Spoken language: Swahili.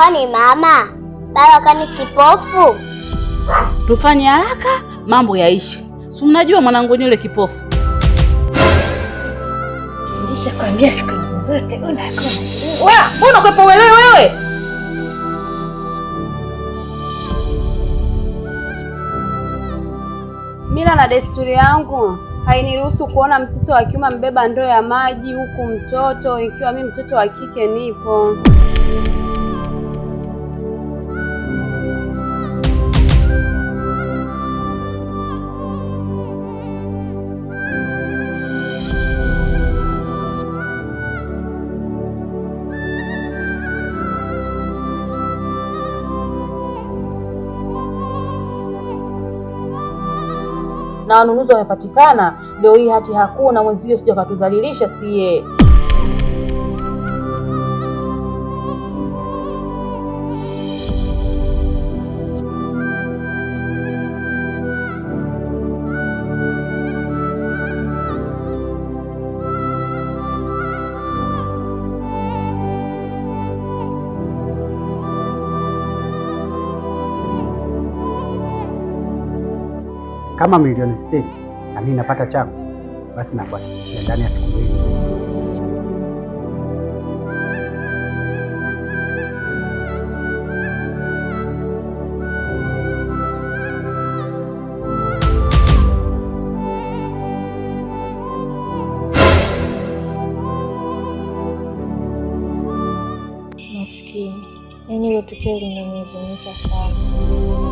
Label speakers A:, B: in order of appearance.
A: Kwani mama, baba kani kipofu?
B: Tufanye haraka mambo yaishe. Si unajua mwanangu yule kipofu.
C: Nilisha siku zote unakuwa.
B: Mbona kwepo wewe wewe?
D: Mila na desturi yangu hainiruhusu kuona mtoto wa kiume mbeba ndoo ya maji huku mtoto ikiwa mimi mtoto wa kike nipo.
E: na wanunuzi wamepatikana, leo hii hati hakuna. Mwenzio sija katuzalilisha sie.
F: Kama milioni sitini na mimi napata changu, basi nakuhakikishia ndani ya siku mbili
G: Maskini, yaani hilo tukio linanihuzunisha sana.